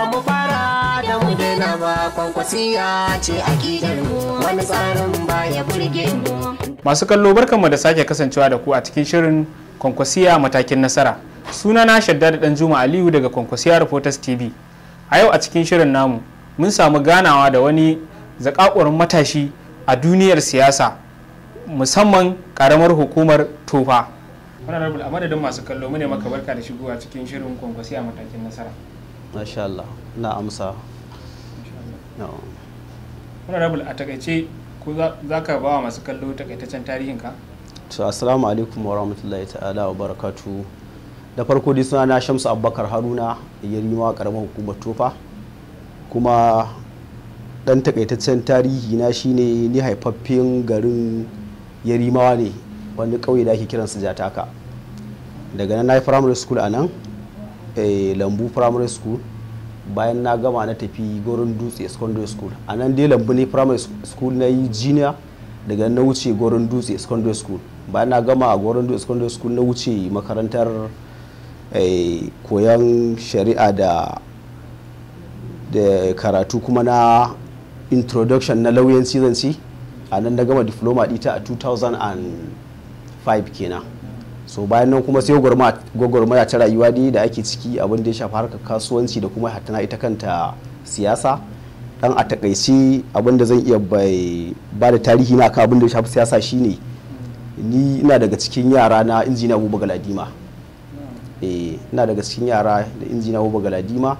ba mu fara da mu daina ba kwankwasiya ce a mu wani tsarin ba ya burge mu masu kallo barkanmu da sake kasancewa da ku a cikin shirin kwankwasiya matakin nasara suna na shadda da dan juma aliyu daga kwankwasiya reporters tv a yau a cikin shirin namu mun samu ganawa da wani zakakurin matashi a duniyar siyasa musamman karamar hukumar tofa honorable a madadin masu kallo mu ne maka barka da shigowa cikin shirin kwankwasiya matakin nasara masha Allah na amsa honorable a takaice ko za ka ba masu kallo takaitaccen tarihin ka to assalamu alaikum wa rahmatullahi ta'ala wa barakatu da farko dai suna na shamsu abubakar haruna yarima karamar hukumar tofa kuma dan takaitaccen tarihi na shine ni haifaffen garin yarimawa ne wani kauye da ake kiransa jataka daga nan na yi primary school a nan Eh, lambu primary school bayan na gama na tafi gorin dutse secondary school a nan dai lambu ne primary school na yi junior daga na wuce gorin dutse secondary school bayan na gama a gorin dutse secondary school na wuce makarantar eh, koyon shari'a da karatu kuma na introduction na lauyan season a nan na gama diploma dita a 2005 kenan so bayan nan kuma sai ya ta rayuwa dai da ake ciki abin da ya shafi harkar kasuwanci da kuma na ita kanta siyasa dan a takaice abin da zan iya bai ba da tarihi na kan abin da ya shafi siyasa shine ni ina daga cikin yara na injiniya Abubakar Galadima eh ina daga cikin yara da injiniya Abubakar Galadima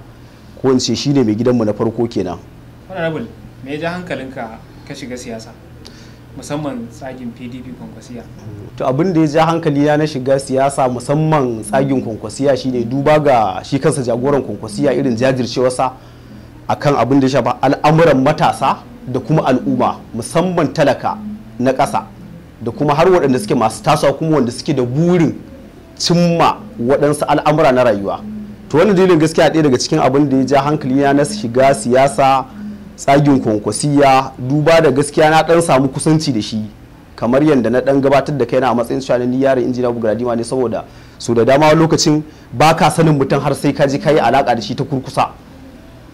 ko in ce shine mai gidanmu na farko kenan honorable me ya ja hankalinka ka shiga siyasa musamman tsagin pdp kwankwasiya to abin da ya ja hankali na shiga siyasa musamman tsagin kwankwasiya shine duba ga shi kansa jagoran kwankwasiya irin jajircewarsa akan abin da ya shafa al'amuran matasa da kuma al'umma musamman talaka na ƙasa da kuma har waɗanda suke masu tasowa kuma wanda suke da burin cimma waɗansu al'amura na rayuwa to wani dalilin gaskiya ɗaya daga cikin abin da ya ja hankali na shiga siyasa tsagin kwankwasiya duba da gaskiya na dan samu kusanci da shi kamar yadda na dan gabatar da kai a matsayin cewa ni yaron injina bugradima ne saboda so da dama lokacin ba ka sanin mutum har sai ka ji ka yi alaka da shi ta kurkusa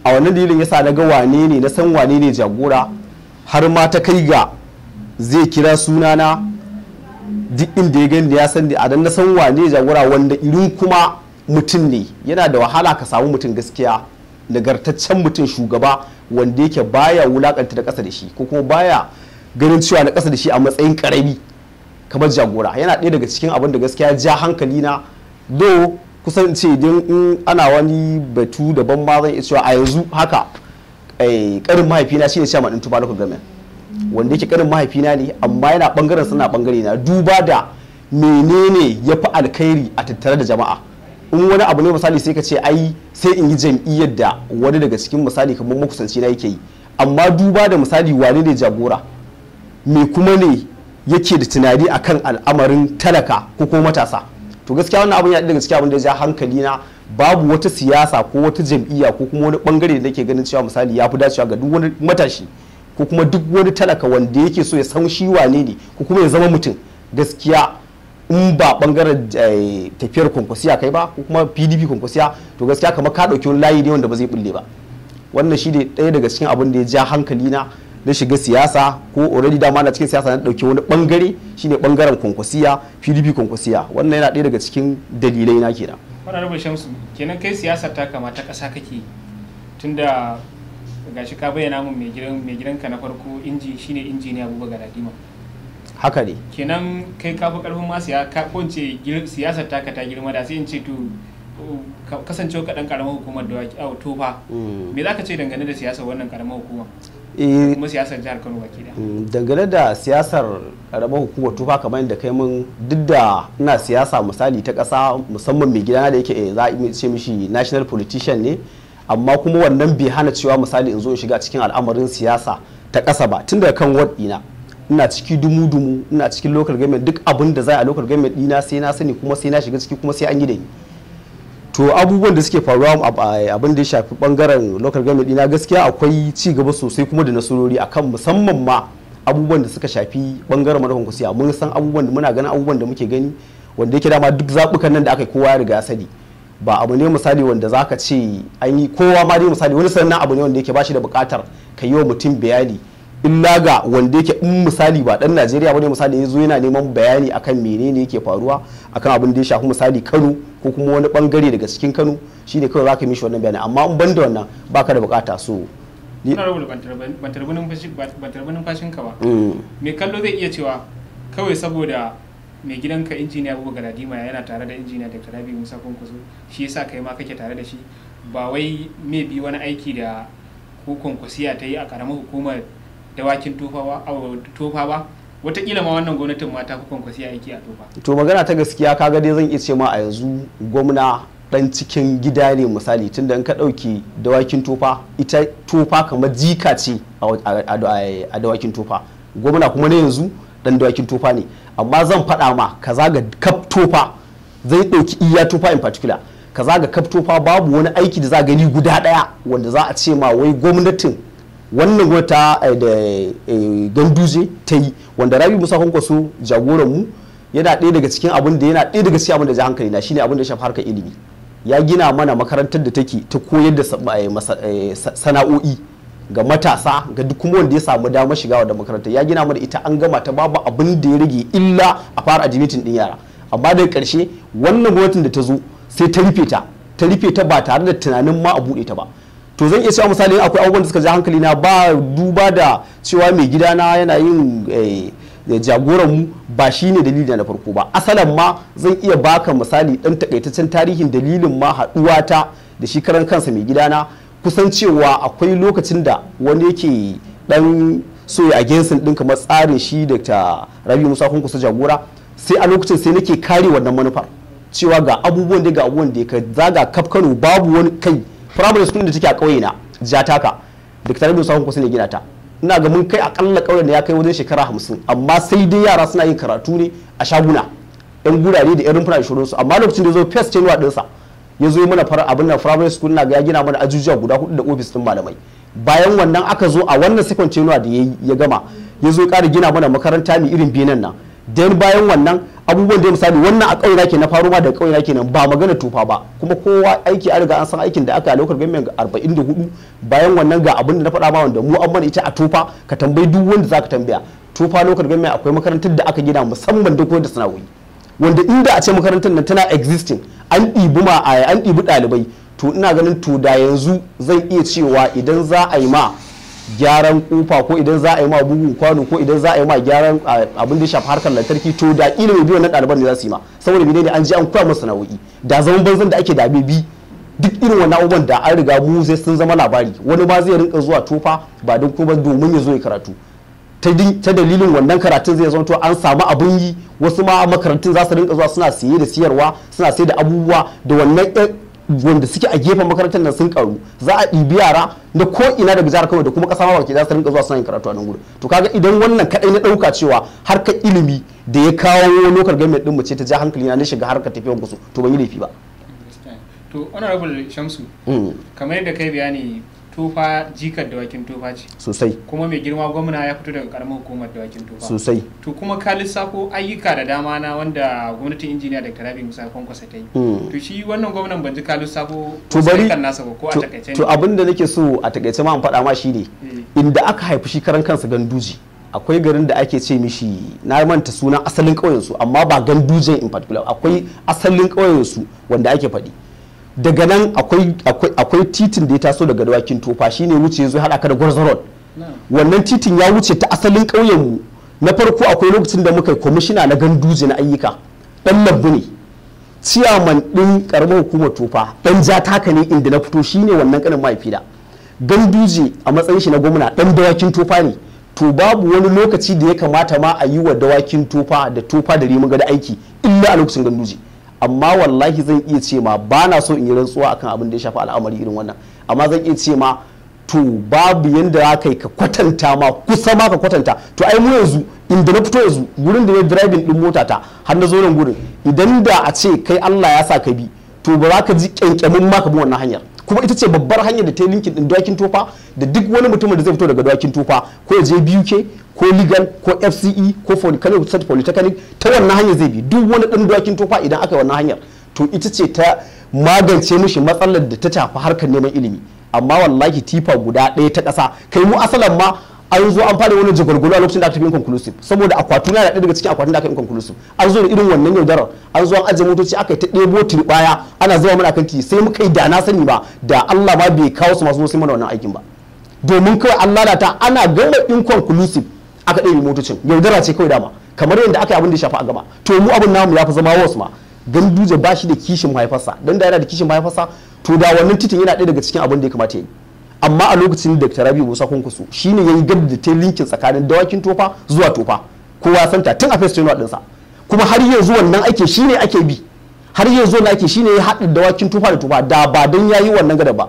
a wannan dalilin yasa na ga wane ne na san wane ne jagora har ma ta kai ga zai kira sunana duk inda ya gani ya san da adan na san wane jagora wanda irin kuma mutum ne yana da wahala ka samu mutum gaskiya nagartaccen mutum shugaba wanda yake baya wulakanta da ƙasa da shi ko kuma baya ganin cewa na ƙasa da shi a matsayin ƙarami kamar jagora yana ɗaya daga cikin abin da gaskiya ja hankali na do kusan ce idan in ana wani batu daban ma zan iya cewa a yanzu haka eh, ƙarin mahaifina shine chairman ɗin Tuba local wanda yake ƙarin mahaifina ne amma yana ɓangaren suna ɓangare na duba da menene ya fi alkhairi a tattare da jama'a in wani abu ne misali sai ka ce ai sai in yi jam'iyyar da wani daga cikin misali kamar makusanci na yake yi amma duba da misali wane ne jagora me kuma ne yake da tunani akan al'amarin talaka ko kuma matasa to gaskiya wannan abin ya daga cikin abin da ja hankali na babu wata siyasa ko wata jam'iyya ko kuma wani bangare da nake ganin cewa misali ya fi dacewa ga duk wani matashi ko kuma duk wani talaka wanda yake so ya san shi wane ne ko kuma ya zama mutum gaskiya in ba bangaren eh, tafiyar kwankwasiya kai ba ko kuma pdp kwankwasiya to gaskiya kamar ka ɗauki wani layi ne wanda ba zai bulle ba wannan shi ne ɗaya daga cikin abin da ya ja hankali na na shiga siyasa ko already dama na cikin siyasa na ɗauki wani bangare shi ne bangaren kwankwasiya pdp kwankwasiya wannan yana ɗaya daga cikin dalilai na kenan honorable shamsu kenan kai siyasar ta kamata ƙasa kake tunda gashi ka bayyana mun mai gidanka na farko inji shine injiniya abubakar adima haka ne kenan kai kafa karfin ma siyasar taka ta girma da sai in ce to kasancewa kaɗan karamar hukumar da waki tofa mm. me za ka ce dangane da siyasar wannan karamar hukuma eh, kuma siyasar jihar kano baki da mm, dangane da siyasar karamar hukumar tofa kamar yadda kai mun duk da ina siyasa misali ta ƙasa musamman mai gidana da yake eh, za a ce mishi national politician ne amma kuma wannan bai hana cewa misali in zo in shiga cikin al'amarin siyasa ta ƙasa ba tun daga kan wadina ina ciki dumu dumu ina cikin local government duk abin da za a local government dina sai na sani kuma sai na shiga ciki kuma sai an yi da ni to abubuwan da suke faruwa abin da ya shafi bangaren local government dina gaskiya akwai ci gaba sosai kuma da nasarori akan musamman ma abubuwan da suka shafi bangaren madafan kusiya mun san abubuwan da muna ganin abubuwan da muke gani wanda yake dama duk zabukan nan da aka yi kowa ya riga sani ba abu ne misali wanda zaka ce an yi kowa ma dai misali wani sannan abu ne wanda yake bashi da bukatar ka yi wa mutum bayani illa ga wanda yake in misali ba dan najeriya ne misali ya zo yana neman bayani akan menene yake faruwa akan abin da ya shafi misali kano ko kuma wani bangare daga cikin kano shine kawai zaka mishi wannan bayani amma in ban da wannan baka da bukata so na rubuta ban tarbi fashin ka ba me mm. kallo zai iya cewa kawai saboda mai gidanka injiniya Abubakar Galadima yana tare da injiniya Dr. Rabi Musa Kwankwaso shi yasa kai ma kake tare da shi ba wai me bi wani aiki da ko kwankwasiya ta yi a karamar hukumar dawakin tofawa watakila ma wannan gwamnatin mata ku kwankwasi aiki a tofa to magana ta gaskiya kaga dai zan iya ce ma a yanzu gwamna dan cikin gida ne misali tunda in ka ɗauki dawakin tofa ita tofa kamar jika ce a dawakin tofa gwamna kuma na yanzu dan dawakin tofa ne amma zan faɗa ma ka zaga kaf tofa zai ɗauki iya tofa in particular ka zaga kaf tofa babu wani aiki da za gani guda ɗaya wanda za a ce ma wai gwamnatin wannan wata eh, da eh, ganduze ta yi wanda rabi musa kwankwaso jagoran mu yana ɗaya daga cikin abin da yana ɗaya daga cikin abin da ja hankali na shine abin da shafi harkar ilimi ya gina mana makarantar da take ta koyar da eh, sana'o'i ga matasa ga duk kuma wanda ya samu damar shiga da makarantar ya gina mana ita an gama ta babu abin da ya rage illa a fara ajimitin din yara amma daga karshe wannan gwamnatin da ta zo sai ta rufe ta ta rufe ta ba tare da tunanin ma a buɗe ta ba to zan iya cewa misali akwai abubuwan da suka ji hankali na ba duba da cewa mai gidana yana yin eh, eh, jagoran mu ba shine ne dalili na farko ba asalan ma zan iya baka misali dan takaitaccen tarihin dalilin ma haduwa ta da shi karan kansa mai gidana kusan cewa akwai lokacin da wani yake dan so ya agensin din kamar tsarin shi da ta rabi musa kun kusa jagora sai a lokacin sai nake kare wannan manufar cewa ga abubuwan da ga abubuwan da ka zaga kafkano babu wani kai primary school da take a ƙauye na jataka dr rabiu sahun kusa ne gina ta ina ga mun kai akalla ƙauyen da ya kai wajen shekara hamsin amma sai dai yara suna yin karatu ne a shaguna yan gurare da yan rumfuna da amma lokacin da ya zo first chain ɗinsa ya zo mana fara abin nan primary school na ga ya gina mana ajujuwa guda hudu da ofis din malamai bayan wannan aka zo a wannan second chain da ya gama ya zo ya ƙara gina mana makaranta mai irin benin nan dan bayan wannan abubuwan da misali wannan a ƙauyena ke na faro ma da ƙauyena nan ba magana tufa ba kuma kowa aiki an riga an san aikin da aka a lokacin gwamnati arba'in da hudu bayan wannan ga abin da na faɗa ma wanda mu an mana ita a tufa ka tambayi duk wanda za ka tambaya tufa lokacin gwamnati akwai makarantar da aka gina musamman duk wanda sana'o'i wanda inda a ce makarantar nan tana existing an ɗibi ma an ɗibi ɗalibai to ina ganin to da yanzu zan iya cewa idan za a yi ma gyaran kofa ko idan za a yi ma bugun kwano ko idan za a yi ma gyaran abin da ya shafi harkar lantarki to da kila mai biyu na ɗaliban ne za su yi ma saboda mene ne an ji an koya masu na'u'i da zaman banzan da ake da bi duk irin wannan abubuwan da an riga mu zai sun zama labari wani ba zai rinka zuwa tofa ba don kuma domin ya zo ya karatu ta dalilin wannan karatun zai to an samu abin yi wasu ma makarantun za su rinka zuwa suna siye da siyarwa suna sai da abubuwa da wannan wanda suke a gefen makarantar nan sun karu za a ɗibi yara da ko ina da jihar kawai da kuma ƙasa ma baki za su rinka zuwa suna karatu a nan gudu to kaga idan wannan kadai na ɗauka cewa harkar ilimi da ya kawo lokar gamet ɗin mace ta ja hankali na shiga harkar tafiyan kusu to ban yi laifi ba to honorable shamsu hmm. kamar yadda kai bayani tofa jikar dawakin tofa ce sosai kuma mai girma gwamna ya fito daga karamar hukumar dawakin tofa sosai to kuma ka lissafo ayyuka da dama na wanda gwamnatin injiniya da rabi musa kwankwasa ta yi hmm. to shi wannan gwamnan ban ji ka lissafo to bari nasa ko a takaice to abin da nake so a takaice ma an faɗa ma shi ne. Hmm. inda aka haifi shi karan kansa ganduji akwai garin da ake ce mishi na manta sunan asalin ƙauyensu amma ba gandujen in particular akwai asalin ƙauyensu wanda ake faɗi daga nan akwai titin da ya taso daga dawakin tofa shine wuce yanzu haɗa ka da gwarzaron wannan titin ya wuce ta asalin ƙauyen mu na farko akwai lokacin da muka yi kwamishina na ganduje na ayyuka ɗan lambu ne ciyaman ɗin ƙaramin hukumar tofa ɗan ja taka ne inda na fito shi ne wannan kanin mahaifi da ganduje a matsayin shi na gwamna dan dawakin tofa ne to babu wani lokaci da ya kamata ma a yi wa dawakin tofa da tofa da ga da aiki illa a lokacin ganduje amma wallahi zan iya ce ma ba na so in yi rantsuwa akan abin da ya shafi al'amari irin wannan amma zan iya ce ma to babu yanda za ka yi ka kwatanta ma kusa ma ka kwatanta to ai mu yanzu inda na fito yanzu wurin da ya driving din mota ta har na zo nan gurin idan da a ce kai Allah ya sa ka bi to ba za ka ji kyankyamin ma ka bi wannan hanyar kuma ita ce babbar hanyar da ta yi linkin din dokin tofa da duk wani mutumin da zai fito daga dokin tofa ko ya je ke ko legal ko fce ko polytechnic state polytechnic ta wannan hanyar zai bi duk wani ɗan dokin tofa idan aka yi wannan hanyar to ita ce ta magance mishi matsalar da ta tafi harkar neman ilimi amma wallahi tifa guda ɗaya ta ƙasa kai mu asalan ma an zo an fara wani jagwalgwalo a lokacin da aka tafi inconclusive saboda akwatu na daga cikin akwatun da aka inconclusive an zo da irin wannan yaudarar an zo an ajiye motoci aka yi ta ɗebo baya ana zama mana kan titi sai muka yi da na sani ba da Allah ma bai kawo su masu sai mana wannan aikin ba domin kawai an lalata ana gama inconclusive aka ɗaya motocin yaudara ce kawai dama kamar yadda aka yi abin da shafa a gaba to mu abin namu ya fi zama wasu ma duje ba shi da kishin mahaifarsa don da yana da kishin mahaifarsa to da wannan titin yana ɗaya daga cikin abin da ya kamata ya yi amma a lokacin da dr rabi musa kunkusu shine ya yi gab da ta linkin tsakanin dawakin tofa zuwa tofa kowa ya santa tun a festival ɗinsa kuma har yanzu wannan ake shine ake bi har yanzu na ake shine ya haɗa dawakin tufa da tufa da ba don ya yi wannan gada ba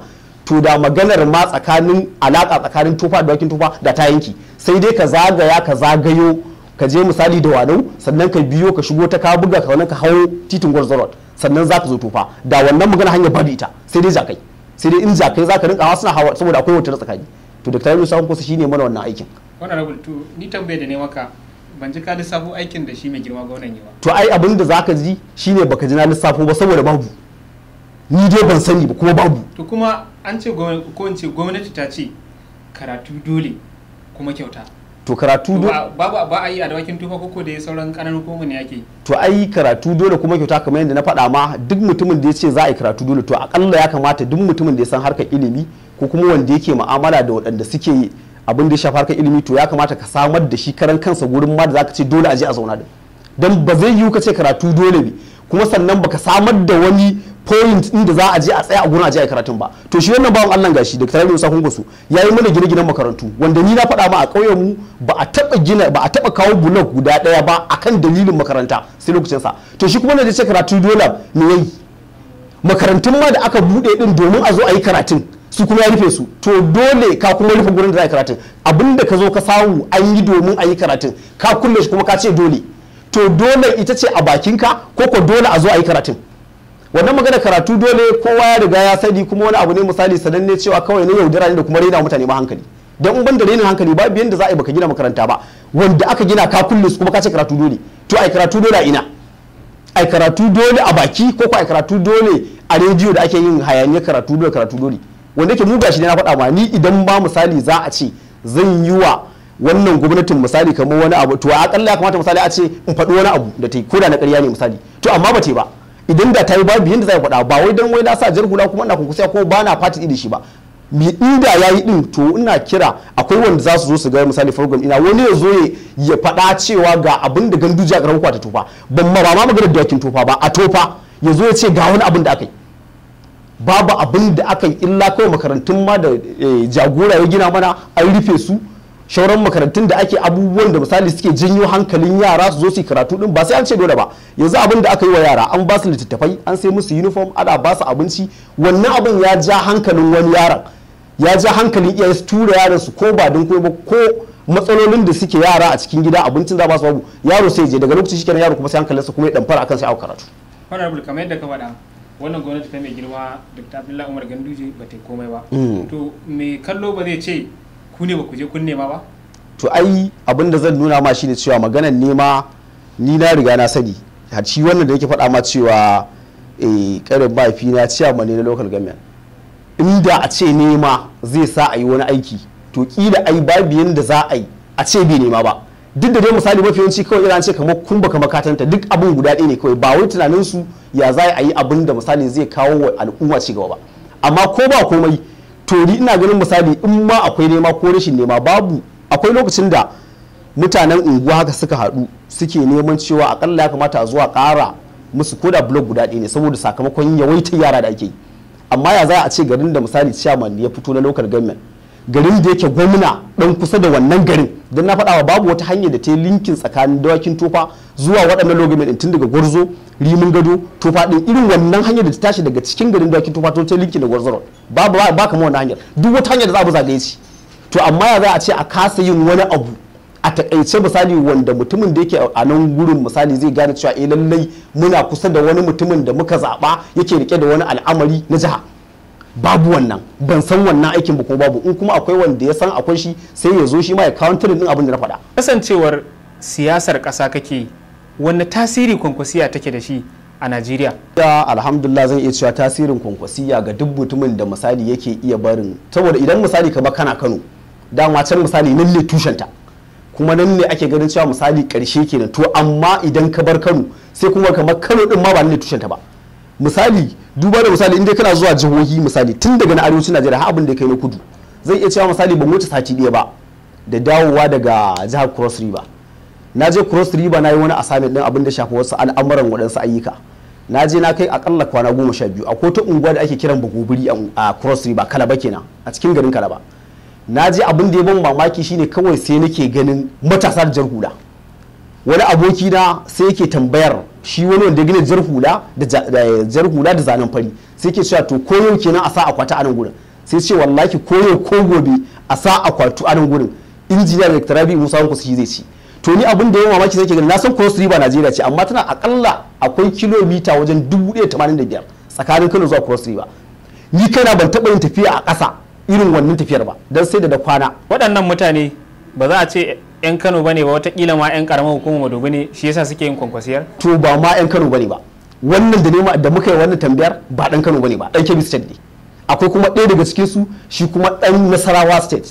to da maganar ma tsakanin alaka tsakanin tufa da wakin tufa da ta yanki sai dai ka zagaya ka zagayo ka je misali da wanau sannan ka biyo ka shigo ta ka buga ka wannan ka hau titin gwarzarot sannan za ka zo tufa da wannan magana hanyar bari ita sai dai jakai sai dai in jakai za ka rinka hawa suna hawa saboda akwai wata tsakani to da tare da kusa shine mana wannan aikin wannan rubutu ni tambaye da ne maka ban ji ka lissafo aikin da shi mai girma ga wannan yawa to ai abin da zaka ji shine baka ji na lissafo ba saboda babu ni dai ban sani ba kuma babu to kuma an ce kowace gwamnati ta ce karatu dole kuma kyauta to karatu dole ba a yi a dawakin tufa koko da ya sauran ƙananan koma ne yake to ai karatu dole kuma kyauta kamar yadda na faɗa ma duk mutumin da ya ce za a yi karatu dole to akalla ya kamata duk mutumin da ya san harkar ilimi ko kuma wanda yake ma'amala da waɗanda suke abin da ya shafi harkar ilimi to ya kamata ka samar da shi karan kansa gurin ma da ka ce dole a je a zauna da. dan ba zai yiwu ka ce karatu dole ne kuma sannan baka samar da wani point din da za a je a tsaya a gurin a je a karatun ba to shi wannan bawan Allah gashi Dr. Rabi Musa Kungusu yayi mana gine-ginen makarantu wanda ni na faɗa ma a ƙauyen mu ba a taba gina ba a taba kawo bulok guda ɗaya ba akan dalilin makaranta sai lokacin sa to shi kuma da ce karatu dole me yayi makarantun ma da aka bude din domin a zo a yi karatun su kuma ya rufe su to dole ka kuma rufe gurin da za a yi karatun abinda ka zo ka samu an yi domin a yi karatun ka kulle shi kuma ka ce dole to dole ita ce a bakinka ko ko dole a zo a yi karatun wannan magana karatu dole kowa ya riga ya sani kuma wani abu ne misali sananne cewa kawai na yaudara ne da kuma raina mutane ma hankali dan in ban da rainin hankali babu da za a yi baka gina makaranta ba wanda aka gina ka kullu kuma ka ce karatu dole to ai karatu dole a ina ai karatu dole a baki ko ko ai karatu dole a rediyo da ake yin hayaniyar karatu dole karatu dole wanda yake mu gashi ne na faɗa ma ni idan ba misali za a ce zan yi wa wannan gwamnatin misali kamar wani abu to a akalla ya kamata misali a ce in faɗi wani abu da ta yi koda na ƙarya ne misali to amma ba ta ba idan da ta yi babu yadda zai faɗa ba wai dan wai na sa jar hula kuma ina kunkusa ko ba na fati da shi ba mi inda ya yi din to ina kira akwai wanda za su zo su ga misali program ina wani ya zo ya faɗa cewa ga abin da ganduji a karamar kwata tofa ban ma ba ma maganar dakin tofa ba a tofa ya zo ya ce ga wani abin da aka yi babu abin da aka yi illa kawai makarantun ma da eh, jagora ya gina mana an rufe su shauran makarantun da ake abubuwan da misali suke janyo hankalin yara su zo su karatu din ba sai an ce dole ba yanzu abin da aka yi wa yara an ba su littattafai an sai musu uniform ana ba su abinci wannan abin ya ja hankalin wani yaron ya ja hankalin iyaye su tura yaran su ko ba don ba ko matsalolin da suke yara a cikin gida abincin za ba su babu yaro sai je daga lokacin kenan yaro kuma sai hankalinsa kuma ya damfara akan sai aka karatu honorable kamar yadda ka faɗa wannan gwamnati ta mai girma dr abdullahi umar ganduje ba ta komai ba mm. to me kallo ba zai ce ku ne ba ku je kun nema ba to ai abin da zan nuna ma shine cewa maganar nema ni na riga na sani har shi wannan da yake faɗa ma cewa eh karin bafi na ciyama ne na local government inda a ce nema zai sa a yi wani aiki to kila ai babu yanda za a yi a ce bai nema ba duk da dai misali mafi yawanci kawai iran ce kamar kun baka makatanta duk abin guda ɗaya ne kawai ba wai tunanin su ya za a yi abin da misali zai kawo wa al'umma ci gaba ba amma ko ba komai tori ina ganin misali in ma akwai nema ko rashin nema babu akwai lokacin da mutanen unguwa haka suka haɗu suke neman cewa akalla ya kamata zuwa ƙara musu koda blog guda ɗaya ne saboda sakamakon yawaitar yara da ake yi amma ya za a ce garin da misali chairman ya fito na local government garin da yake gwamna dan kusa da wannan garin don na faɗawa babu wata hanyar da ta yi linkin tsakanin dawakin tufa zuwa waɗannan logamen tun daga gwarzo rimin gado tofa ɗin irin wannan hanyar da ta tashi daga cikin garin dawakin tofa to ta linkin da gwarzo babu ba kama wannan hanyar duk wata hanyar da za a zagaye ce. to amma ya za a ce a kasa yin wani abu a takaice misali wanda mutumin da yake a nan gurin misali zai gane cewa eh lallai muna kusa da wani mutumin da muka zaɓa yake rike da wani al'amari na jiha babu wannan ban san wannan aikin ba ko babu in kuma akwai wanda ya san akwai shi sai ya zo shi ma ya kawantar din abin da na faɗa kasancewar siyasar ƙasa kake wanne tasiri kwankwasiya take da shi a Najeriya da alhamdulillah zan iya cewa tasirin kwankwasiya ga duk mutumin da misali yake iya barin saboda idan misali ka ba kana Kano dama can misali nan ne tushenta kuma nan ne ake ganin cewa misali karshe kenan to amma idan ka bar Kano sai kuma kamar Kano din ma ba nan ne tushenta ba misali duba da misali inda kana zuwa jihohi misali tun daga na arewacin najeriya har abin da kai na kudu zai iya cewa misali ban wuce sati ɗaya ba da dawowa daga jihar cross river na je cross river na yi wani assignment din abin da shafi wasu al'amuran waɗansu ayyuka na je na kai akalla kwana goma sha biyu a kota unguwa da ake kiran bugubiri a cross river kalaba kenan a cikin garin kalaba na je abin da ya ban mamaki shine kawai sai nake ganin matasa da jar hula wani aboki na sai yake tambayar shi wani wanda gina jar hula da da zanen fari sai ke cewa to koyo kenan a sa akwatu a nan gurin sai ce wallahi koyo ko gobe a sa akwatu anan nan gurin injiniya da tarabi musa wanku shi zai ci to ni abin da ya mamaki sai ke gani na san cross river najeriya ce amma tana akalla akwai kilomita wajen da 1085 tsakanin kano zuwa cross river ni kaina ban taɓa yin tafiya a ƙasa irin wannan tafiyar ba don sai da da kwana waɗannan mutane ba za a ce yan kano bane ba watakila ma yan karamar hukumar madogani shi yasa suke yin kwankwasiyar to ba ma yan kano bane ba wannan da nema da muka yi wannan tambayar ba dan kano bane ba dan kebbi state ne akwai kuma ɗaya daga cikin su shi kuma dan nasarawa state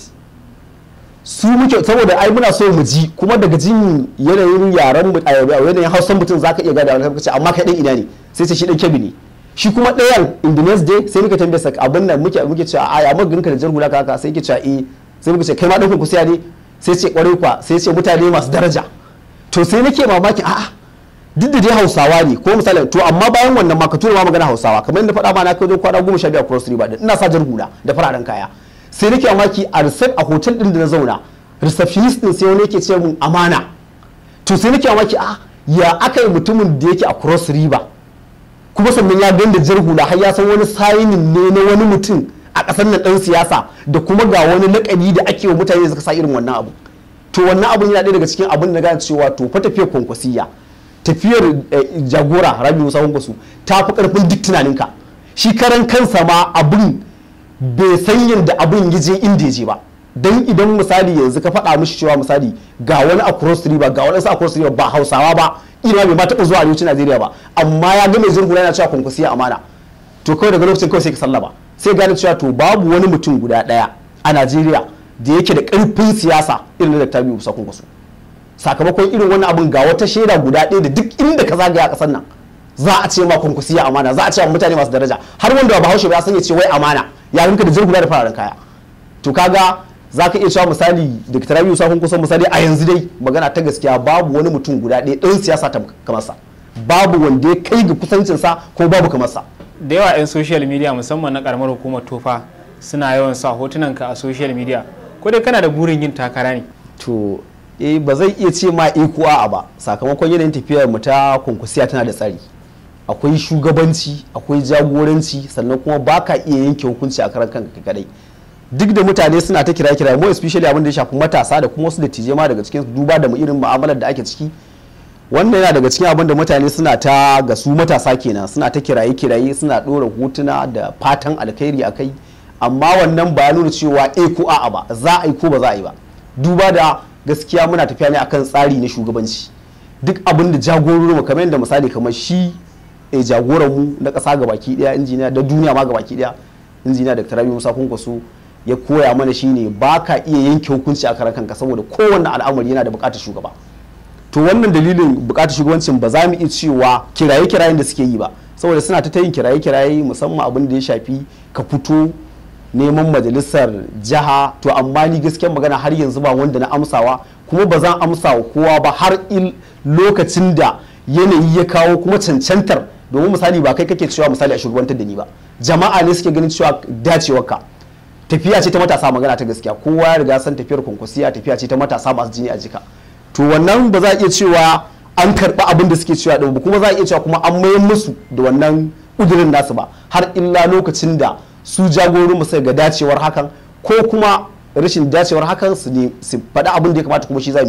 su muke saboda ai muna so mu ji kuma daga jin yanayin yaren mu yanayin hausan mutum zaka iya gada wani kace amma kai dan ina ne sai ce shi dan kebbi ne shi kuma ɗayan in the next day sai muka tambaye sa abin nan muke muke cewa a amma garin ka da jar hula ka haka sai kike cewa eh sai muka ce kai ma dan kwankwasiya ne sai ce kwarai kwa sai ce mutane masu daraja to sai nake mamaki a'a duk da dai hausawa ne ko misali to amma bayan wannan ma tura ma magana hausawa kamar yadda faɗa ma na kai zo kwana goma sha biyar cross river din ina sa jar hula da fararen kaya sai nake mamaki a reception a hotel din da na zauna receptionist din sai wani yake ce mun amana to sai nake mamaki a ya aka yi mutumin da yake a cross river kuma sannan ya ganda jar hula har ya san wani signing ne na wani mutum a ƙasar nan ɗan siyasa da kuma ga wani lakabi da ake wa mutane da suka sa irin wannan abu to wannan abun yana ɗaya daga cikin abun da gane cewa to fa tafiyar kwankwasiya tafiyar eh, jagora rabi musa kwankwaso ta fi ƙarfin duk tunaninka shi karan kansa ma abun bai san yadda abun ya je inda ya je ba don idan misali yanzu ka faɗa mishi cewa misali ga wani a cross river ga wani a cross river ba hausawa ba ina bai ma taɓa zuwa arewacin najeriya ba amma ya ga mai zurguna yana cewa kwankwasiya amana to kawai daga lokacin kawai sai ka sallaba sai gane cewa to babu wani mutum guda daya a najeriya da yake da karfin siyasa irin da ta biyu wasu sakamakon irin wani abin ga wata shaida guda ɗaya da duk inda ka zagaya a ƙasar nan za a ce ma kunkusiya amana za a ce ma mutane masu daraja har wanda ba bahaushe ba san ya ce wai amana ya rinka da jirguna da fararen kaya to kaga za ka iya cewa misali da ta biyu sakon kusan misali a yanzu dai magana ta gaskiya babu wani mutum guda daya ɗan siyasa ta kamarsa babu wanda ya kai ga kusancinsa ko babu kamarsa da yawa 'yan social media musamman na karamar hukumar tofa suna yawan sa hotunan ka a social media ko dai kana da burin yin takara ne to eh ba zai iya ce ma iko eh a'a ba sakamakon yanayin tafiyar mu ta kunkusiya tana da tsari akwai shugabanci akwai jagoranci sannan kuma baka iya yanke hukunci a karan kanka kadai duk da mutane suna ta kira kira mu especially abin da ya shafi matasa da kuma wasu dattijai ma daga cikin duba da mu irin mu'amalar da ake ciki wannan yana daga cikin abin da mutane suna ta ga su matasa kenan suna ta kiraye kiraye suna dora hotuna da fatan alkhairi a kai amma wannan ba nuna cewa a eh ko a'a ba za a yi ko ba za a yi ba duba da gaskiya muna tafiya ne akan tsari na shugabanci duk abin da mu kamar yadda misali kamar shi e eh, jagoranmu na ƙasa gabaki daya injiniya da duniya ma gabaki daya injiniya da rabi musa kwankwaso ya koya mana shine ne baka iya yanke hukunci a karan kanka saboda kowanne al'amari yana da bukatar shugaba to wannan dalilin bukatar shugabancin ba za mu iya cewa kiraye-kirayen da suke yi ba saboda suna ta yin kiraye-kiraye musamman abin da ya shafi ka fito neman majalisar jiha to amma ni gaskiyar magana har yanzu ba wanda na amsawa kuma ba zan amsa wa kowa ba har il lokacin da yanayi ya kawo kuma cancantar domin misali ba kai kake cewa misali a shugabantar da ni ba jama'a ne suke ganin cewa dacewarka tafiya ce ta matasa magana ta gaskiya kowa ya riga san tafiyar kunkusiya tafiya ce ta matasa masu jini a jika to wannan ba za a iya cewa an karɓi abin da suke cewa ɗin ba kuma za a iya cewa kuma an mayar musu da wannan ƙudurin nasu ba har illa lokacin da su jagororin suka ga dacewar hakan ko kuma rashin dacewar hakan su ne su faɗi abin da ya kamata kuma shi za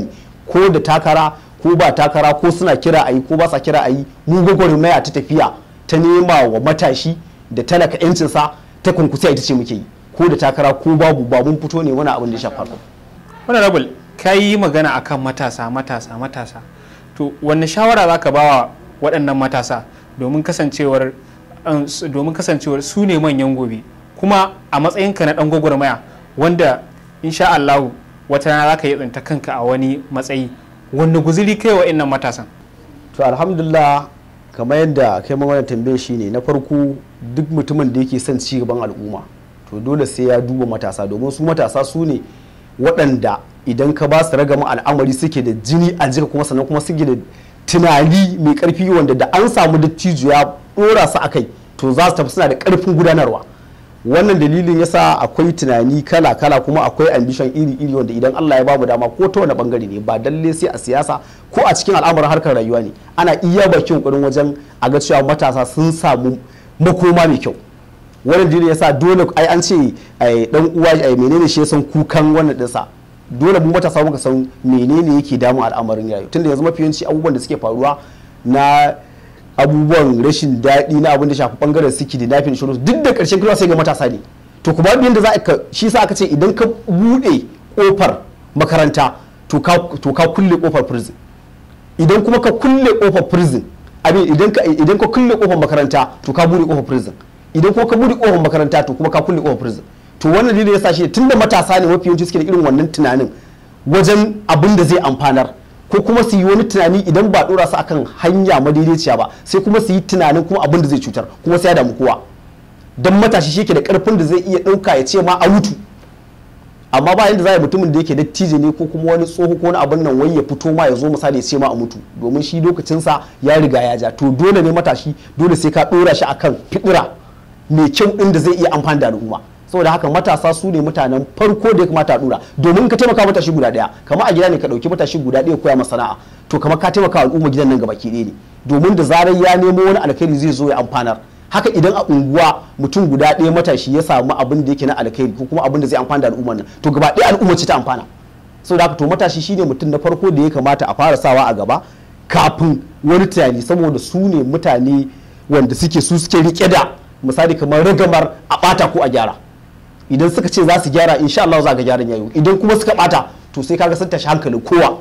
ko da takara ko ba takara ko suna kira a ko ba sa kira a yi mu gwagwarmaya ta tafiya ta nema wa matashi da talaka 'yancinsa ta kunkusa ita ce muke yi ko da takara ko babu ba fito ne wani abin da ya shafa. rabul ka yi magana a kan matasa matasa matasa to wanne shawara za ka bawa waɗannan matasa um, domin kasancewar su ne manyan gobe kuma a matsayinka na ɗan gwagwarmaya wanda insha Allahu wata rana za yi tsinta kanka a wani matsayi wanne guziri kai wa innan matasan to alhamdulillah kamar yadda kai ma wannan tambaye shi ne na farko duk mutumin da yake son ci al'umma to dole sai ya duba matasa domin su matasa su ne waɗanda idan ka ba su ragama al'amari suke da jini a jika kuma sannan kuma suke da tunani mai karfi wanda da an samu dattijo ya dora su akai to za su tafi suna da karfin gudanarwa wannan dalilin yasa akwai tunani kala kala kuma akwai ambition iri iri wanda idan Allah ya bamu dama ko ta wani bangare ne ba dalle sai a siyasa ko a cikin al'amuran harkar rayuwa ne ana iya bakin kurin wajen a ga cewa matasa sun samu makoma mai kyau wannan dalilin yasa dole ai an ce ai dan uwa ai menene shi san kukan wannan dinsa dole mu matasa muka san menene yake damun al'amarin yayi tunda yanzu mafi yawanci abubuwan da suke faruwa na abubuwan rashin daɗi na abin da shafi bangaren siki da dafin shuru duk da ƙarshen kuma sai ga matasa ne to kuma abin da za ka shi sa aka ce idan ka bude kofar makaranta to ka kulle kofar prison idan kuma ka kulle kofar prison abin idan ka kulle kofar makaranta to ka bude kofar prison idan kuma ka bude kofar makaranta to kuma ka kulle kofar prison to wannan dalilin ya sa shi tunda matasa ne mafi yawanci suke da irin wannan tunanin wajen abin da zai amfanar ko kuma su yi wani tunani idan ba dora su akan hanya madaidaiciya ba sai kuma su yi tunanin kuma abin da zai cutar kuma sai ya damu kowa dan matashi shi ke da karfin da zai iya dauka ya ce ma a mutu amma ba yadda za a mutumin da yake tije ne ko kuma wani tsoho ko wani abin nan wai ya fito ma ya zo misali ya ce ma a mutu domin shi lokacinsa ya riga ya ja to dole ne matashi dole sai ka dora shi akan fitira mai kyau inda da zai iya amfani da al'umma saboda haka matasa su ne mutanen farko da ya kamata a dura domin ka taimaka matashi guda daya kamar a gida ne ka dauki matashi guda daya koya sana'a to kamar ka taimaka al'umma gidan nan gaba ɗaya ne domin da zarar ya nemo wani alkhairi zai zo ya amfanar haka idan a unguwa mutum guda ɗaya matashi ya samu abin da yake na alkhairi ko kuma abin da zai amfana da al'ummar nan to gaba ɗaya al'umma ce ta amfana saboda haka to matashi shine mutum na farko da ya kamata a fara sawa a gaba kafin wani tunani saboda su ne mutane wanda suke su suke rike da misali kamar ragamar a bata ko a gyara idan suka ce za su gyara insha Allah za ga gyaran yayi idan kuma suka bata to sai kaga sun tashi hankalin kowa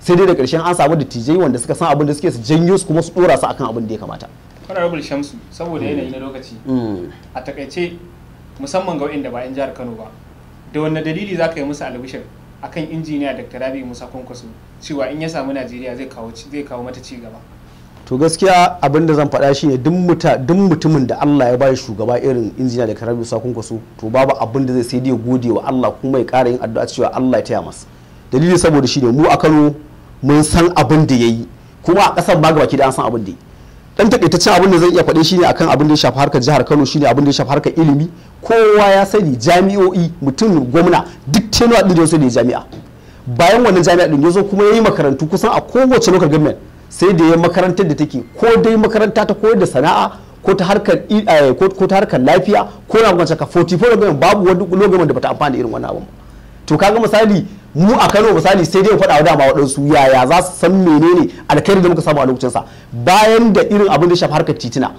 sai dai da ƙarshen an samu dattijai wanda suka san abin da suke su janyo su kuma su dora su akan abin da ya kamata honorable shamsu saboda mm. yanayi na lokaci mm. a takaice musamman ga wanda ba 'yan jihar kano ba da wanne dalili za ka yi musu albishir akan injiniya dr rabi musa kwankwaso cewa in ya samu najeriya zai kawo mata ci gaba to gaskiya abin da zan faɗa shine duk mutumin da Allah ya ba shugaba irin injiniya da karabi sakun kwaso to babu abin da zai sai dai gode wa Allah kuma ya ƙara yin addu'a cewa Allah ya taya masa dalili saboda shine mu a Kano mun san abin da yayi kuma a ƙasar gaba gabaki da an san abin da yi dan takaitaccen abin da zan iya faɗi shine akan abin da ya shafi harkar jihar Kano shine abin da ya shafi harkar ilimi kowa ya sani jami'o'i mutum gwamna duk tenuwa ɗin da ya sani jami'a bayan wannan jami'a ɗin ya zo kuma ya yi makarantu kusan a kowace local government sai da ya makarantar da take ko dai makaranta ta koyar da sana'a ko ta harkar eh, ko ta harkar lafiya ko na gwamnati ka 44 ga babu wani lokacin da bata amfana irin wannan abu to kaga misali mu a Kano misali sai dai faɗa wa dama waɗansu yaya za su san menene alkhairi da muka samu a lokacin sa bayan da irin abin da shafi harkar titina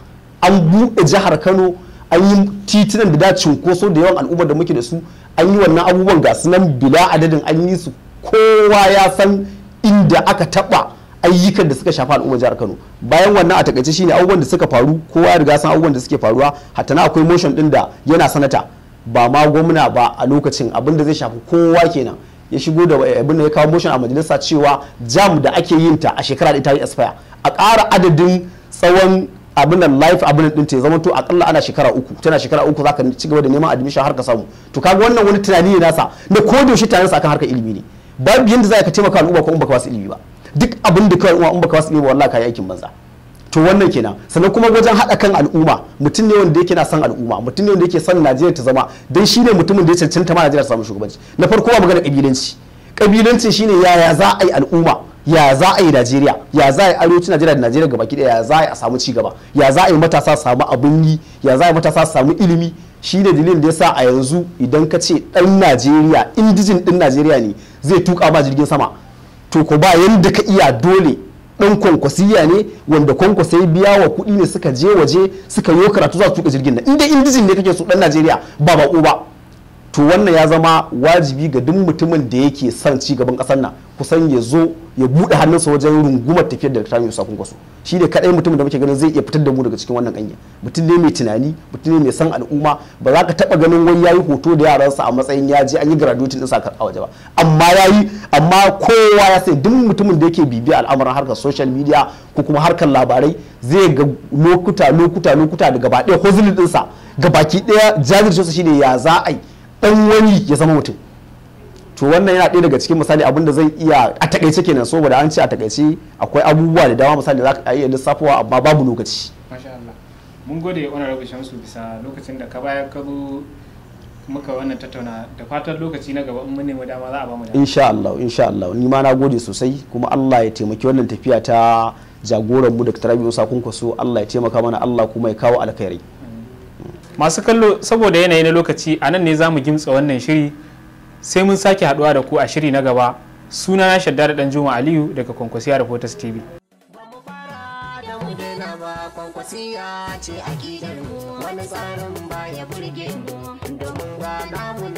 an buɗe jihar Kano an yi titunan da da cinkoso da yawan al'ummar da muke da su an yi wannan abubuwan ga sunan bila adadin an yi su kowa ya san inda aka taɓa ayyukan da suka shafi al'ummar jihar Kano bayan wannan a takaice shine abubuwan da suka faru kowa riga san abubuwan da suke faruwa hatta na akwai motion din da yana sanata ba ma gwamna ba a lokacin abin da zai shafi kowa kenan ya shigo da eh, abin da ya kawo motion a majalisa cewa jam da ake yin ta a shekara da ta yi expire a ƙara adadin tsawon abin nan life abin din ta zama to akalla ana shekara uku tana shekara uku zaka ci gaba da neman admission har ka samu to kaga wannan wani tunani ne nasa na ko shi tare sa akan harkar ilimi ne babu yanda za ka taimaka al'umma ko in baka wasu ilimi ba duk abin da kawai uwa in baka wasu ba wallahi kai aikin banza to wannan kenan sannan kuma wajen hada kan al'umma mutum ne wanda yake na son al'umma mutum ne wanda yake son Najeriya ta zama dan shi ne mutumin da ya cancanta ma Najeriya ta samu shugabanci na farko ba magana kabilanci kabilanci shine yaya za a yi al'umma ya za a yi Najeriya ya za a yi arewacin Najeriya da Najeriya gaba ya za a yi a samu ci gaba ya za a yi matasa su samu abin yi ya za a yi matasa su samu ilimi shi ne dalilin da yasa a yanzu idan ka ce ɗan Najeriya indijin din Najeriya ne zai tuka ba jirgin sama to ko ba yanda ka iya dole ɗan kwankwasiya ne wanda kwankwasai biya wa kuɗi ne suka je waje suka yi karatu za su tuka jirgin na inda indijin ne kake so ɗan najeriya ba ko ba to wannan ya zama wajibi ga duk mutumin da yake son ci gaban kasar nan kusan ya zo ya bude hannunsa wajen rungumar tafiyar da ta yusa Kwaso shi ne kadai mutumin da muke ganin zai iya fitar da mu daga cikin wannan kanya mutum ne mai tunani mutum ne mai san al'umma ba za ka taba ganin wani yayi hoto da yaransa a matsayin ya je an yi graduating din sa a waje ba amma yayi amma kowa ya sai duk mutumin da yake bibiya al'amuran harkar social media ko kuma harkar labarai zai ga lokuta lokuta lokuta da gaba ɗaya hozulin ɗinsa gabaki ɗaya jajirce su shine ya za a yi dan wani ya zama mutum to wannan yana ɗaya daga cikin misali abinda da zai iya a takaice kenan saboda an ce a takaice akwai abubuwa da dama misali za ka iya lissafowa amma babu lokaci masha Allah mun gode wani rabu Shamsu bisa lokacin da ka baya ka zo muka wannan tattauna da fatan lokaci na gaba in mun nemi dama za a bamu dama insha Allah insha Allah ni ma na gode sosai kuma Allah ya taimaki wannan tafiya ta jagoran mu da Musa kun so Allah ya taimaka mana Allah kuma ya kawo alkhairi masu kallo saboda yanayi na lokaci a nan ne za mu gimtsa wannan shiri sai mun sake haduwa da ku a shiri na gaba suna na shaddada dan juma aliyu daga kwankwasiya reporters tv wani tsarin burge